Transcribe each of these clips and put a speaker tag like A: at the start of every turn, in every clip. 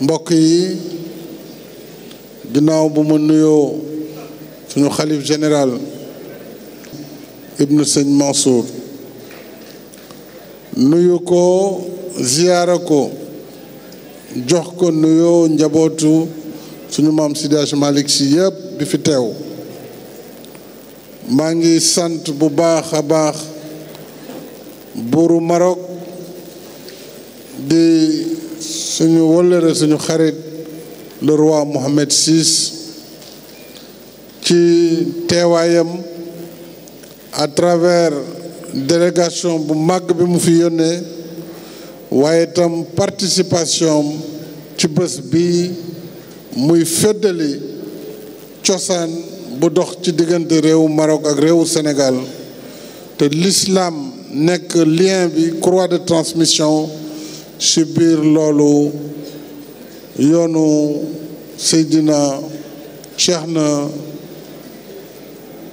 A: mbokk yi ginnaaw bu ma nuyoo suñu xalif général ibnu sëñ Mansour nuyu ko ziyaara ko jox ko nuyoo njabootu suñu maam Seydi Hadji Malick Sy yëpp di fi teew maa ngi sant bu baaxa baax buuru Maroc di suñu wëllëre suñu xarit le roi Mohammed VI ci teewaayam à travers délégation bu màgg bi mu fi yónnee waaye itam participation ci bés bi muy féddali cosaan bu dox ci diggante réewu Maroc ak réewu Sénégal te l'islam nekk lien bi croix de transmission ci biir loolu yoonu Seydina Cheikh na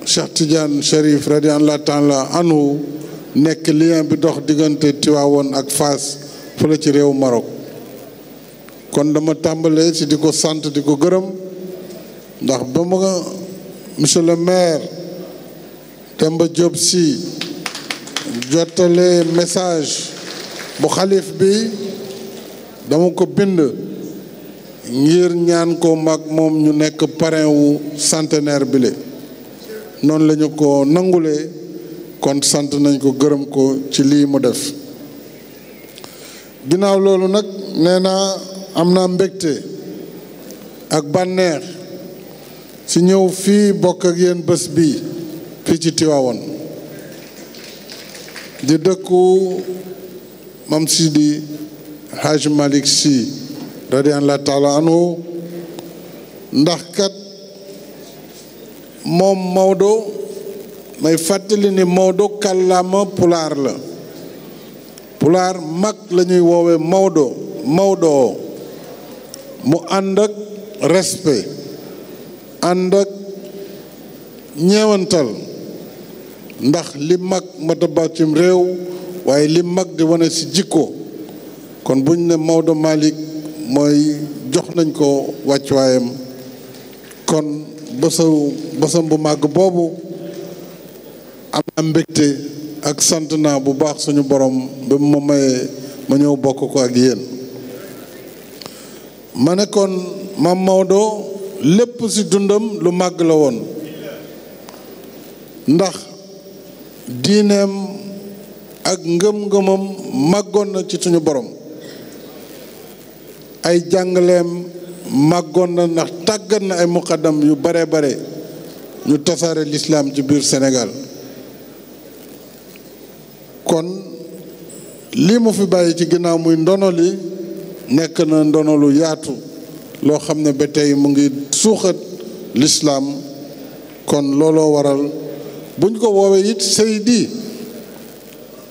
A: Cheikh Tidiane Chérif radiyallahu taala anhu nekk lien bi dox diggante Tiwaawoon ak Faas fële ci réew Maroc kon dama tàmbalee ci di ko sant di ko gërëm ndax ba ma monsieur le maire Demba Diop Sy message bu xalif bi dama ko bind ngir ñaan ko mag moom ñu nekk parrain wu bile noonu lañu ko nangulee kon sant nañ ko gërëm ko ci lii mu def ginnaaw loolu nag nee naa am naa mbégte ak bànneex ci ñëw fii bokk ak yéen bés bii fii ci Tiwaawan di dëkku Mam Sidi Haj Malik si radiallahu taala anhu ndax kat moom Maodo may fàttali ni Maodo kàllaama pulaar la pulaar mag lañuy woowe woowee Maodo Maodo mu ànd ak respect ànd ak ñeewantal ndax li mag mata réew waaye li mag di wane si jikko kon buñ ne Maodo Malick mooy jox nañ ko wàccuwaayam kon bësaw bësam bu màgg boobu am na mbégte ak sant naa bu baax suñu borom ba mu ma mayee ma ñëw bokk ko ak yéen ma ne kon maam Maodo lépp ci dundam lu màgg la woon ndax diineem ak ngëm-ngëmam màggoon na ci suñu boroom ay jàngaleem màggoon na ndax tàggat na ay muqaddam yu bare bare ñu tasaare lislaam ci biir Sénégal kon lii mu fi bàyyi ci ginnaaw muy ndono li nekk na ndono lu yaatu loo xam ne ba tey mu ngi suuxat lislaam kon looloo waral buñ ko woowee it Seydi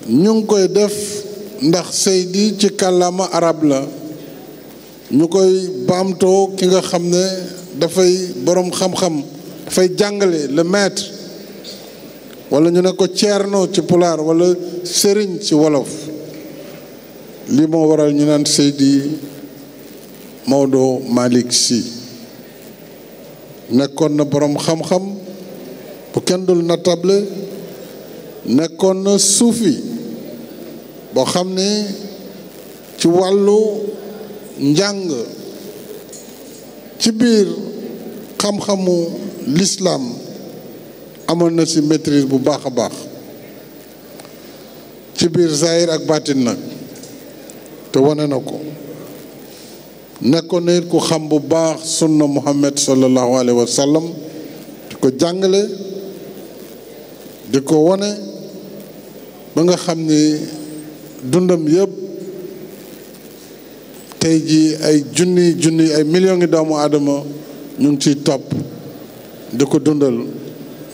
A: ñu ngi koy def ndax Seydi ci kàllaama arab la ñu koy baamtoo ki nga xam ne dafay boroom xam-xam dafay jàngale le maître wala ñu ne ko ceerno ci pulaar wala sëriñ ci wolof li moo waral ñu naan Seydi Maodo Malick si nekkoon na boroom xam-xam bu kenn dul natable nekkoon na suufi boo xam ne ci wàllu njàng ci biir xam-xamu lislaam amoon na ci maîtrise bu baax a baax ci biir zahir ak baatin nag te wane na ko nekkoon na it ku xam bu baax sunna muhammad sallallahu alayhi wa sallam di ko jàngale di ko wane ba nga xam ni dundam yépp tey jii ay junni junni ay millions ngi doomu aadama ñu ngi ciy topp di ko dundal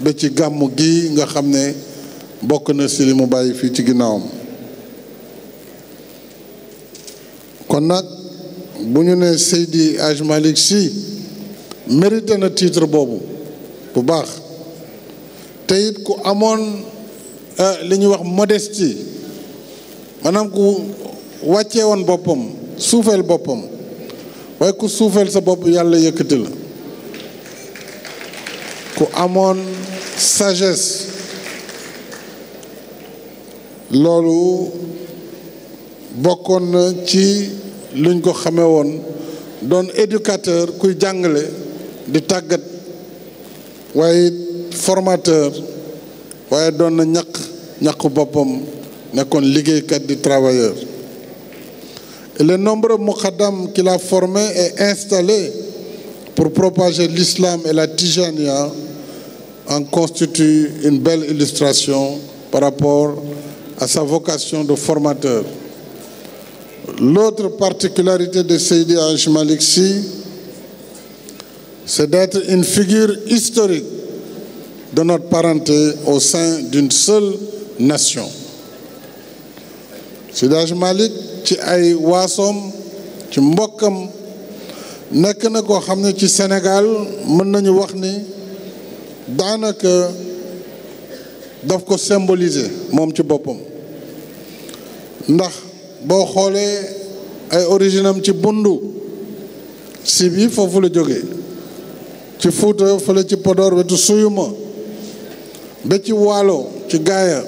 A: ba ci gàmmu gi nga xam ne bokk na si li mu bàyyi fii ci ginnaawam kon nag bu ñu nee Seydi Hadj Malick Sy mérité na titre boobu bu baax te ku amoon eh, li ñuy wax modestie maanaam ku wàccee woon boppam suufeel boppam waaye ku suufeel sa bopp yàlla yëkkati la ku amoon sages loolu bokkoon na ci luñ ko xamee woon doon éducateur kuy jàngale di tàggat waaye formateur waaye doon na ñaq ñaqu boppam nekkoon liggéeykat di travailleur et les nombreux muqaddam qu'il a formés et installés pour propager l'islam et la tijania en constituent une belle illustration par rapport à sa vocation de formateur. L'autre particularité de Seydi Hadj Malick Sy, c'est d'être une figure historique de notre parenté au sein d'une seule nation. Sidaaj Malick ci ay waasom ci mbokkam nekk na koo xam ne ci Sénégal mën nañu wax ni daanaka daf ko symboliser moom ci boppam ndax boo xoolee ay origine ci bundu si bi foofu la jóge ci Fuuta fële ci Podor wetu suyuma ba ci Waalo ci gaaya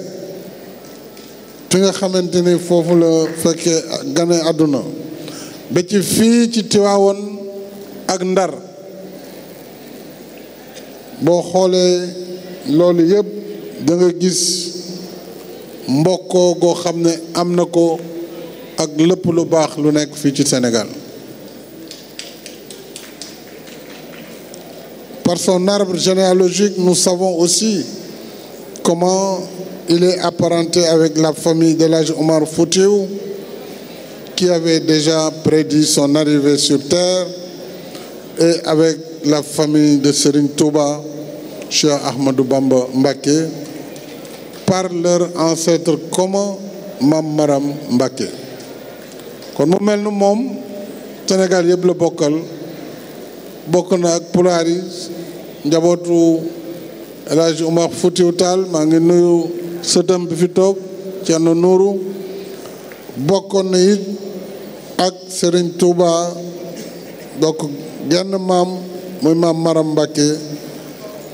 A: fi nga xamante ni foofu la fekkee gane àdduna ba ci fii ci Tiwaawoon ak Ndar boo xoolee loolu yépp da nga gis mbokkoo goo xam ne am na ko ak lëpp lu baax lu nekk fii ci Sénégal par son arbre généalogique nous savons aussi comment Il est apparenté avec la famille de l'âge Omar Foutiou, qui avait déjà prédit son arrivée sur terre, et avec la famille de Serine Touba, Cheikh Ahmadou Bamba Mbake, par leur ancêtre commun, Mam Maram Mbake. kon mu mel ni moom Sénégal yëpp la bokkal bokk na ak pulaar yi njabootu El Hadj Omar Foutiou Tall maa ngi nuyu sëtam bi fi toog Thierno Nourou bokkoon na it ak sëriñ tuuba bokk genn maam muy maam Maram Mbacke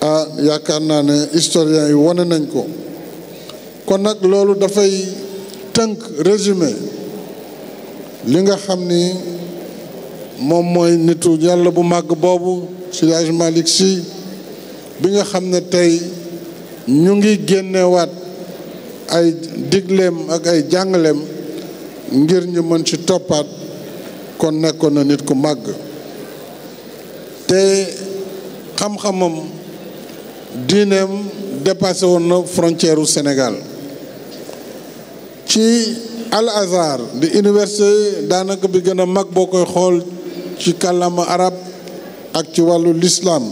A: a yaakaar naa ne historien yi wane nañ ko kon nag loolu dafay tënk résumé li nga xam ni moom mooy nitu yàlla bu màgg boobu Seydi Hadji Malick Sy bi nga xam ne tey ñu ngi génnewaat ay digleem ak ay jàngaleem ngir ñu mën ci toppaat kon nekkoon na nit ku màgg te xam-xamam diineem dépassé woon na frontière u ci Al Azhar di université daanaka bi gën a mag boo koy xool ci kàllaama arab ak ci wàllu lislaam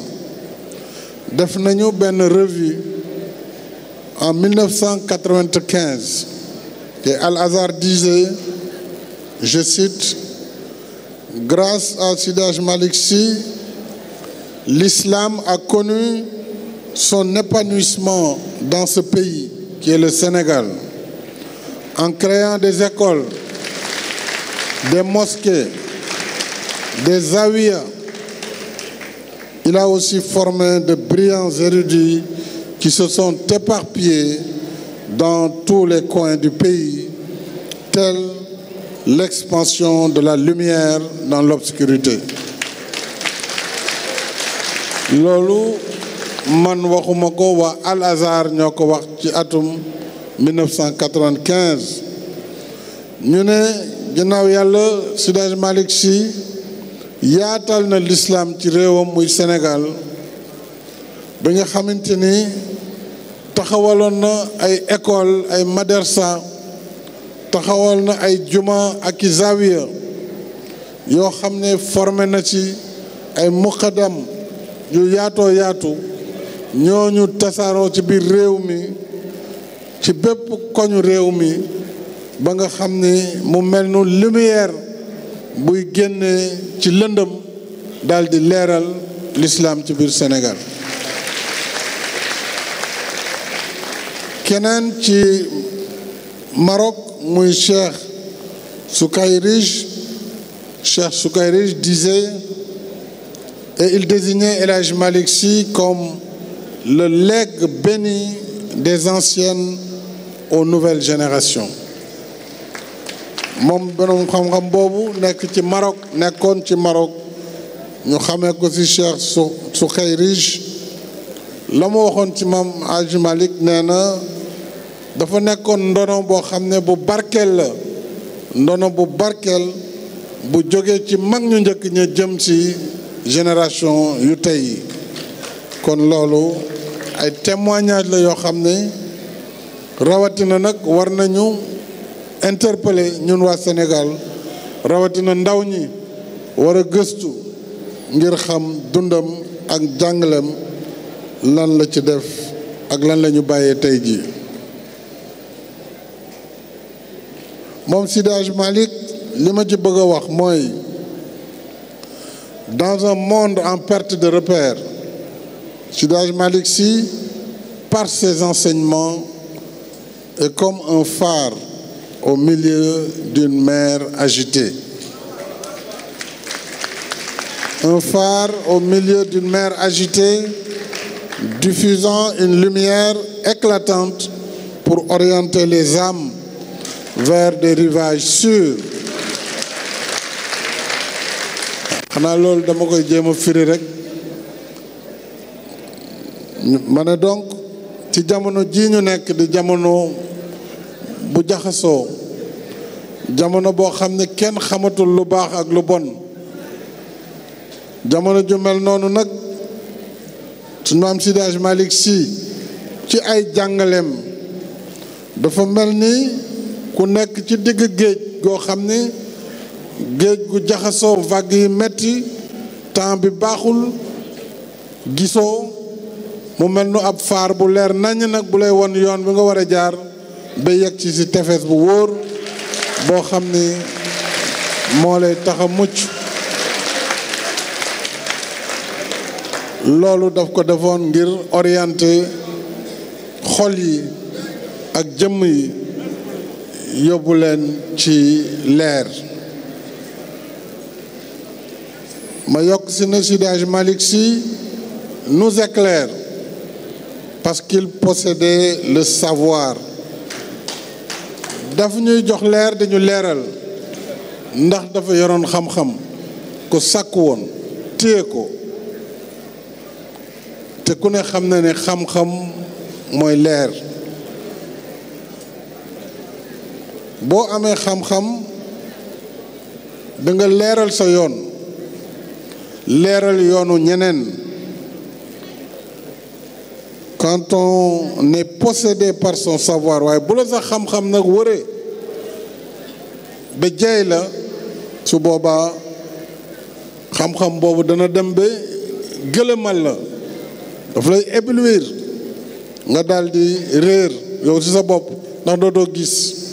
A: def nañu benn revue En 1995, et Al-Azhar disait, je cite, Grâce à Sidaj Malik Sy, l'islam a connu son épanouissement dans ce pays qui est le Sénégal, en créant des écoles, des mosquées, des zawiyas. Il a aussi formé de brillants érudits ci se sont éparpillés dans tous les coins du pays, telle l'expansion de la lumière dans l'obscurité. loolu man waxuma ko waa Al Azhar ñoo ko wax ci atum 1995 ñu ne ginnaaw yàlla Seydi Malick Sy yaatal na l'islam ci réewam muy Sénégal bi nga xamante ni taxawaloon na ay école ay madersa taxawal na ay jumaa ak i zawiya yoo xam ne forme na ci ay muqadam yu yaatoo yaatu ñooñu tasaaroo ci biir réew mi ci bépp koñu réew mi ba nga xam ni mu mel nu lumière buy génnee ci lëndëm daal di leeral l'islam ci biir Sénégal keneen ci Maroc muy Cheikh Soukayrij Cheikh Soukayrij disait et il désignait El Hadj Malick comme le legs béni des anciennes au nouvelle génération moom benoom xam-xam boobu nekk ci Maroc nekkoon ci Maroc ñu xamee ko ci Cheikh Soukayrij la ci maam Hadj Malick nee na dafa nekkoon ndono boo xam ne bu barkeel la ndono bu barkeel bu jógee ci mag ñu njëkk ña jëm ci génération yu tey kon loolu ay témoignage la yoo xam ne rawatina nag war nañu interpeller ñun waa senegal rawatina ndaw ñi war a gëstu ngir xam dundam ak jàngaleem lan la ci def ak lan la ñu bàyyee tey jii moom Seydi Hadji Malick li ma ci bëgg a wax mooy dans un monde en perte de repère Seydi Hadji Malick Sy par ses enseignements est comme un phare au milieu d'une mer agitée un phare au milieu d'une mer agitée diffusant une lumière éclatante pour orienter les âmes vers de rivage sûrs xanaa loolu dama koy jéem a firi rek ma ne donc ci jamono jii ñu nekk di jamono bu jaxasoo jamono boo xam ne kenn xamatul lu baax ak lu bon jamono ju mel noonu nag suñu maam Seydi Hadji Malick ci ay jàngaleem dafa mel ni ku nekk ci digg géej goo xam ni géej gu jaxasoo vague yi metti temps bi baaxul gisoo mu mel nu ab faar bu leer naññ nag bu lay won yoon bi nga war a jaar ba yegg ci si tefes bu wóor boo xam ni moo lay tax a mucc loolu daf ko defoon ngir oriente xol yi ak jëmm yi yóbbu leen ci leer ma yokk si na Seydi Hadji Malick Sy nous éclaire parce qu'il possédait le savoir dafa ñuy jox leer dañu leeral ndax dafa yoroon xam-xam ko sàkk woon téye ko te ku ne xam na ne xam-xam mooy leer boo amee xam-xam da leeral sa yoon leeral yoonu ñeneen quand on est possédé par son savoir waaye bu la sa xam-xam nag wëree ba jey la su boobaa xam-xam boobu dana dem ba gëlëmal la daf lay éblouir nga daal di réer yow ci sa bopp ndax dootoo gis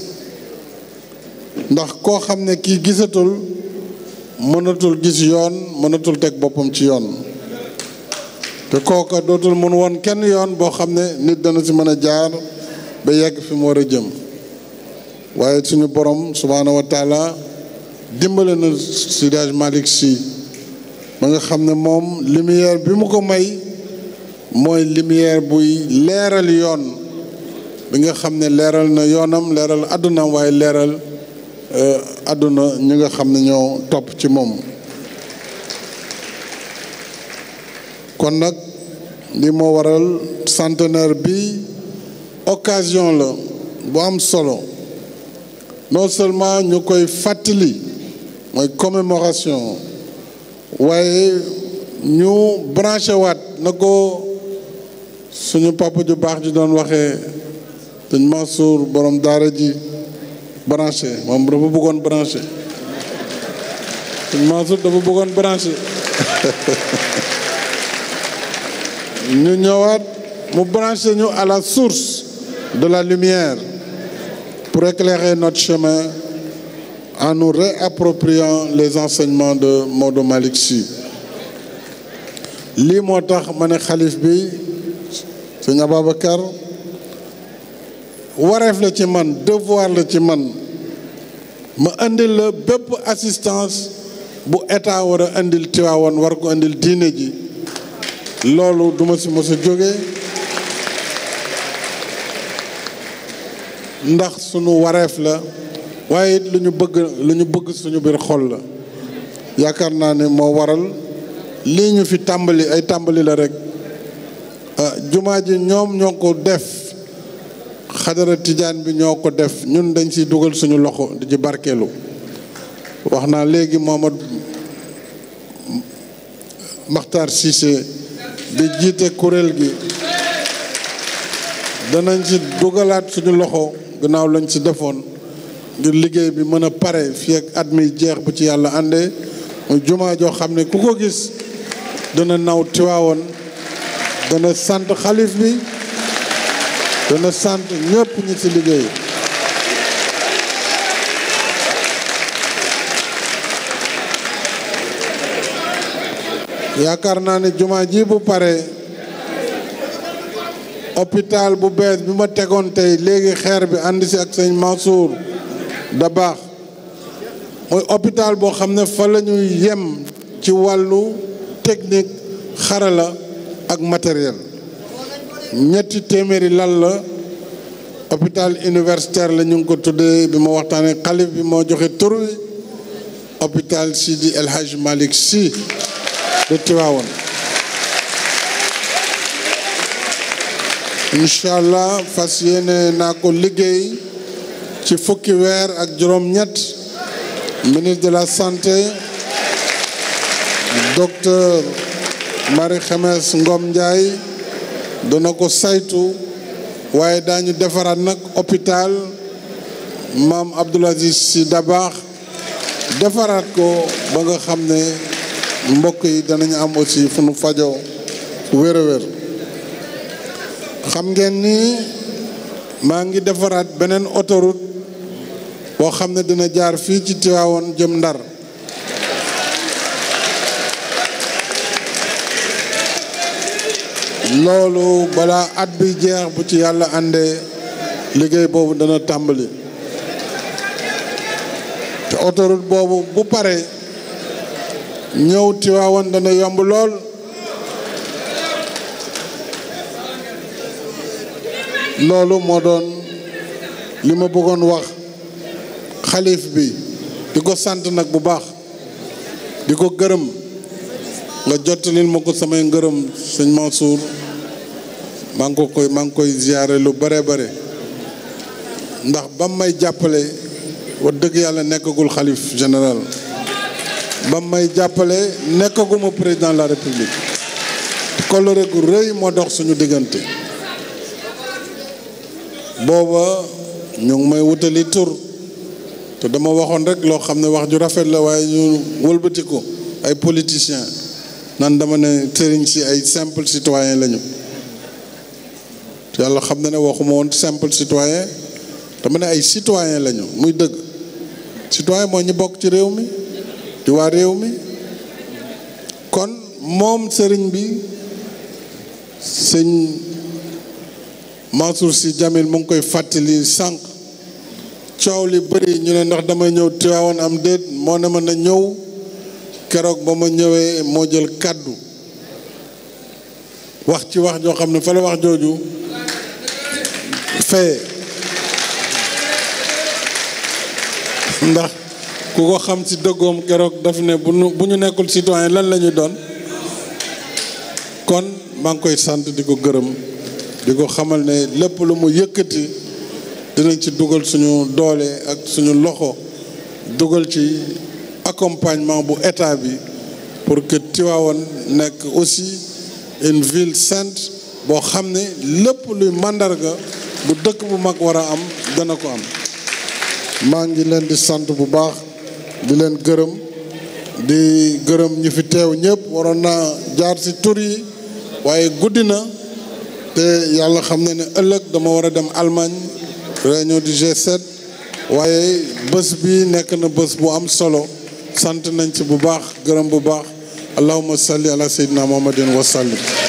A: ndax koo xam ne kii gisatul mënatul gis yoon mënatul teg boppam ci yoon te kooka dootul mën woon kenn yoon boo xam ne nit dana ci mën a jaar ba yegg fi mu war a jëm waaye suñu boroom subhaanahu wa taala dimbale na Seydi Hadji Malick ba nga xam ne moom lumière bi mu ko may mooy lumière buy leeral yoon bi nga xam ne leeral na yoonam leeral àddunaam waaye leeral Euh, àdduna ñi nga xam ne ñoo topp ci moom kon nag li moo waral centenaire bi occasion la bu am solo non seulement ñu koy fàttali mooy commémoration waaye ñu branché na ko suñu papa ju baax ji doon waxee dañ Mansour borom daara ji branché moom dafa bëggoon branché Mansour dafa bëggoon branché ñu ñëwaat mu branché ñu à la source de la lumière pour éclairer notre chemin en nous réappropriant les enseignements de Maodo Malick Sy li moo tax ma ne xalif bi sëñ Ababacar wareef la ci man devoir la ci man ma indil la bépp assistance bu état war a indil Tiwaawan war ko indil diine ji loolu duma ci mos a jóge ndax sunu wareef la waaye it ñu bëgg lu ñu bëgg suñu biir xol la yaakaar naa ne moo waral lii ñu fi tàmbali ay tàmbali la rek ah, jumaa ji ñoom ñoo ko def xadara tijaan bi ñoo ko def ñun dañ ci dugal suñu loxo di ci barkeelu wax naa léegi Mohamad Makhtar Cissé bi jiite kuréel gi danañ ci dugalaat suñu loxo gannaaw lañ ci defoon ngir liggéey bi mën a pare fii ak at mi jeex bu ci yàlla àndee mu jumaa joo xam ne ku ko gis dana naw tiwaawoon dana sant xalif bi dana sant ñëpp ñi ci liggéey yaakaar naa ne jumaa ji bu pare hôpital bu bees bi ma tegoon tey léegi xeer bi ànd ci ak sëñ Mansour da baax mooy hôpital boo xam ne fa la ñuy yem ci wàllu technique xarala ak matériel ñetti téeméeri lal la hôpital universitaire la ñu ngi ko tuddee bi ma xalif bi moo joxe tur wi hôpital Sidi El Hadj Malick Sy de Tivaouane incha allah fas yéene naa ko liggéey ci fukki weer ak juróom-ñett ministre de la santé docteur Marie Khemesse Ngom dana ko saytu waaye daañu defaraat nag hôpital maam Abdoul Aziz Sy Dabakh defaraat ko ba nga xam ne mbokk yi danañu am aussi fu nu fajoo wér wér xam ngeen ni maa ngi defaraat beneen autoroute boo xam ne dina jaar fii ci Tivaouane jëm Ndar loolu balaa at bi jeex bu ci yàlla àndee liggéey boobu dana tàmbali te autoroute boobu bu pare ñëw Tiwaawan dana yomb lool loolu moo doon li ma bëggoon wax xalif bi di ko sant nag bu baax di ko gërëm nga jottalil ma ko samay ngërëm sëñ Mansour maa ko koy maa ngi koy ziare lu bare bare ndax ba may jàppale wa dëgg yàlla nekkagul xalif général bam may jàppale nekkaguma président la république coloré gu rëy moo dox suñu diggante booba ñu may wutali tur te dama waxoon rek loo xam ne wax ju rafet la waaye ñu wëlbati ko ay politiciens nan dama ne sëriñ si ay simple citoyen lañu yàlla xam na ne waxuma woon simple citoyen dama ne ay citoyen lañu muy dëgg citoyen mooy ñi bokk ci réew mi di waa réew mi kon moom sëriñ bi sëñ Mansour si Djamil mu ngi koy fàttali sànq coow li bari ñu ne ndax damay ñëw Tiwaawan am déet moo ne mën a ñëw keroog ba ma ñëwee moo jël kàddu wax ci wax joo xam ne fa wax jooju fee ndax ku ko xam ci dëggoom keroog daf ne bu ñu bu ñu nekkul citoyen lan la doon kon maa ngi koy sant di ko gërëm di ko xamal ne lépp lu mu yëkkati dinañ ci dugal suñu doole ak suñu loxo dugal ci accompagnement bu état bi pour que Tivaouane nekk aussi une ville sainte boo xam ne lépp luy màndarga bu dëkk bu mag war a am dana ko am maa ngi leen di sant bu baax di leen gërëm di gërëm ñu fi teew ñëpp waroon na jaar ci tur yi waaye guddi na te yàlla xam na ne ëllëg dama war a dem Allemagne réunion du g waaye bés bi nekk na bés bu am solo sant nañ ci bu baax gërëm bu baax allahumma salli ala sayyidina muhammadin wa sallim